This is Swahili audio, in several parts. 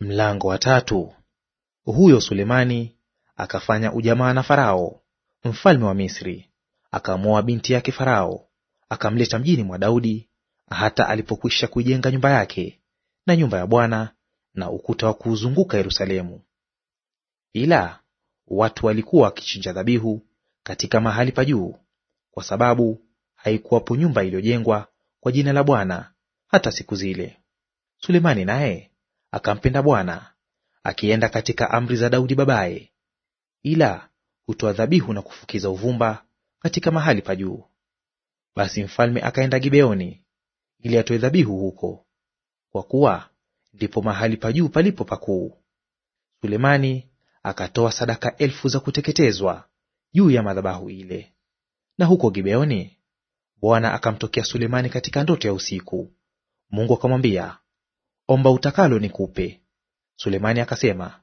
Mlango wa tatu. Huyo Sulemani akafanya ujamaa na Farao mfalme wa Misri, akamwoa binti yake Farao, akamleta mjini mwa Daudi, hata alipokwisha kuijenga nyumba yake na nyumba ya Bwana na ukuta wa kuuzunguka Yerusalemu. Ila watu walikuwa wakichinja dhabihu katika mahali pa juu, kwa sababu haikuwapo nyumba iliyojengwa kwa jina la Bwana hata siku zile. Sulemani naye akampenda Bwana, akienda katika amri za Daudi babaye, ila hutoa dhabihu na kufukiza uvumba katika mahali pa juu. Basi mfalme akaenda Gibeoni ili atoe dhabihu huko, kwa kuwa ndipo mahali pa juu palipo pakuu. Sulemani akatoa sadaka elfu za kuteketezwa juu ya madhabahu ile. Na huko Gibeoni Bwana akamtokea Sulemani katika ndoto ya usiku. Mungu akamwambia, omba utakalo nikupe. Sulemani akasema,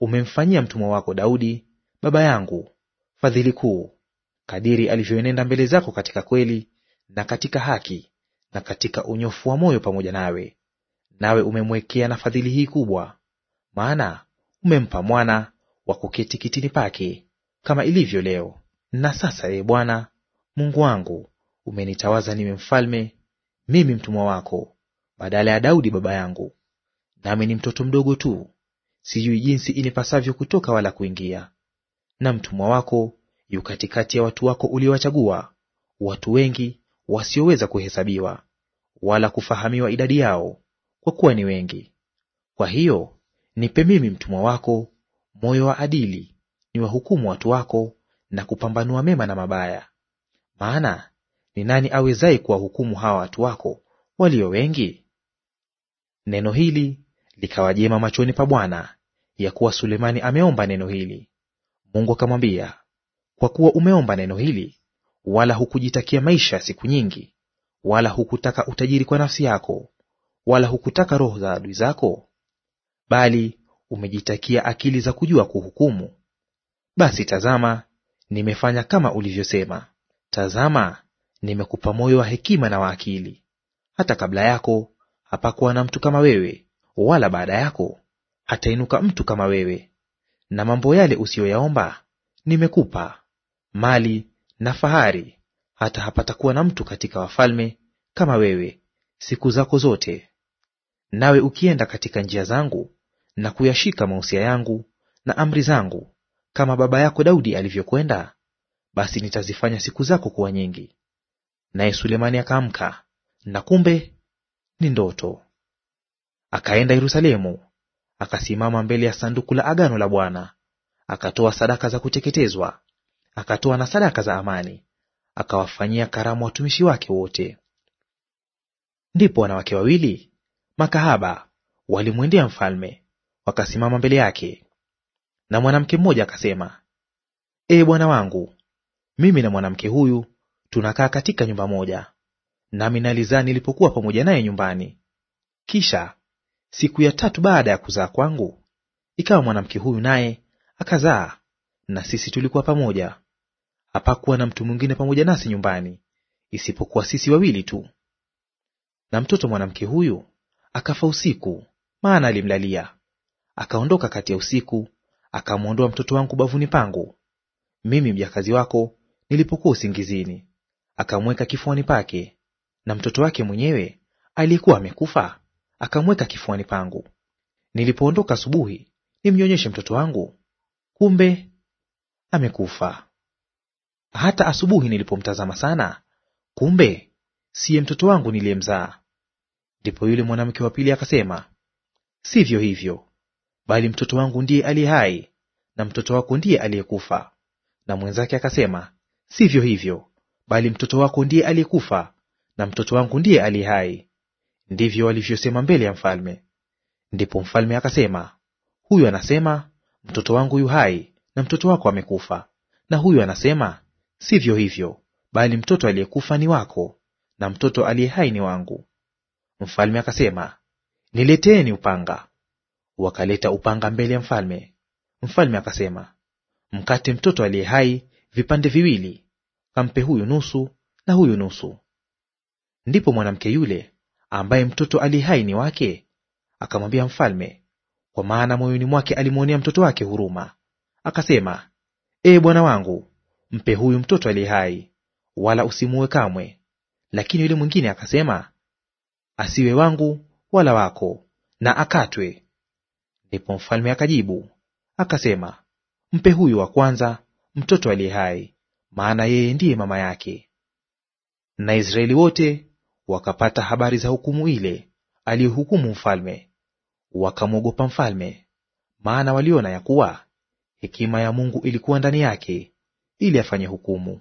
umemfanyia mtumwa wako Daudi baba yangu fadhili kuu, kadiri alivyoenenda mbele zako katika kweli na katika haki na katika unyofu wa moyo pamoja nawe, nawe umemwekea na fadhili hii kubwa, maana umempa mwana wa kuketi kitini pake kama ilivyo leo. Na sasa, Ee Bwana Mungu wangu, umenitawaza niwe mfalme, mimi mtumwa wako, badala ya Daudi baba yangu, nami ni mtoto mdogo tu, sijui jinsi inipasavyo kutoka wala kuingia. Na mtumwa wako yu katikati ya watu wako uliowachagua, watu wengi wasioweza kuhesabiwa wala kufahamiwa idadi yao, kwa kuwa ni wengi. Kwa hiyo nipe mimi mtumwa wako moyo wa adili, niwahukumu watu wako na kupambanua mema na mabaya. Maana ni nani awezaye kuwahukumu hawa watu wako walio wengi? Neno hili likawa jema machoni pa Bwana, ya kuwa Sulemani ameomba neno hili. Mungu akamwambia, kwa kuwa umeomba neno hili, wala hukujitakia maisha ya siku nyingi, wala hukutaka utajiri kwa nafsi yako, wala hukutaka roho za adui zako, bali umejitakia akili za kujua kuhukumu. Basi tazama, nimefanya kama ulivyosema; tazama, nimekupa moyo wa hekima na wa akili, hata kabla yako hapakuwa na mtu kama wewe, wala baada yako hatainuka mtu kama wewe. Na mambo yale usiyoyaomba nimekupa, mali na fahari, hata hapatakuwa na mtu katika wafalme kama wewe siku zako zote. Nawe ukienda katika njia zangu na kuyashika mausia yangu na amri zangu, kama baba yako Daudi alivyokwenda, basi nitazifanya siku zako kuwa nyingi. Naye Sulemani akaamka, na kumbe ni ndoto. Akaenda Yerusalemu, akasimama mbele ya sanduku la agano la Bwana, akatoa sadaka za kuteketezwa, akatoa na sadaka za amani, akawafanyia karamu watumishi wake wote. Ndipo wanawake wawili makahaba walimwendea mfalme, wakasimama mbele yake. Na mwanamke mmoja akasema, Ee Bwana wangu, mimi na mwanamke huyu tunakaa katika nyumba moja, nami nalizaa nilipokuwa pamoja naye nyumbani. Kisha siku ya tatu baada ya kuzaa kwangu, ikawa mwanamke huyu naye akazaa, na sisi tulikuwa pamoja. Hapakuwa na mtu mwingine pamoja nasi nyumbani, isipokuwa sisi wawili tu. Na mtoto mwanamke huyu akafa usiku, maana alimlalia. Akaondoka kati ya usiku, akamwondoa mtoto wangu bavuni pangu, mimi mjakazi wako, nilipokuwa usingizini, akamweka kifuani pake na mtoto wake mwenyewe aliyekuwa amekufa akamweka kifuani pangu. Nilipoondoka asubuhi nimnyonyeshe mtoto wangu, kumbe amekufa. Hata asubuhi nilipomtazama sana, kumbe siye mtoto wangu niliyemzaa. Ndipo yule mwanamke wa pili akasema, sivyo hivyo, bali mtoto wangu ndiye aliye hai na mtoto wako ndiye aliyekufa. Na mwenzake akasema, sivyo hivyo, bali mtoto wako ndiye aliyekufa na mtoto wangu ndiye ali hai. Ndivyo walivyosema mbele ya mfalme. Ndipo mfalme akasema, huyu anasema mtoto wangu yu hai, na mtoto wako amekufa; na huyu anasema sivyo hivyo, bali mtoto aliyekufa ni wako, na mtoto aliye hai ni wangu. Mfalme akasema, nileteeni upanga. Wakaleta upanga mbele ya mfalme. Mfalme akasema, mkate mtoto aliye hai vipande viwili, kampe huyu nusu na huyu nusu. Ndipo mwanamke yule ambaye mtoto ali hai ni wake akamwambia mfalme, kwa maana moyoni mwake alimwonea mtoto wake huruma, akasema, Ee bwana wangu, mpe huyu mtoto aliye hai, wala usimuue kamwe. Lakini yule mwingine akasema, asiwe wangu wala wako, na akatwe. Ndipo mfalme akajibu akasema, mpe huyu wa kwanza mtoto aliye hai, maana yeye ndiye mama yake. Na Israeli wote wakapata habari za hukumu ile aliyohukumu mfalme, wakamwogopa mfalme, maana waliona ya kuwa hekima ya Mungu ilikuwa ndani yake ili afanye hukumu.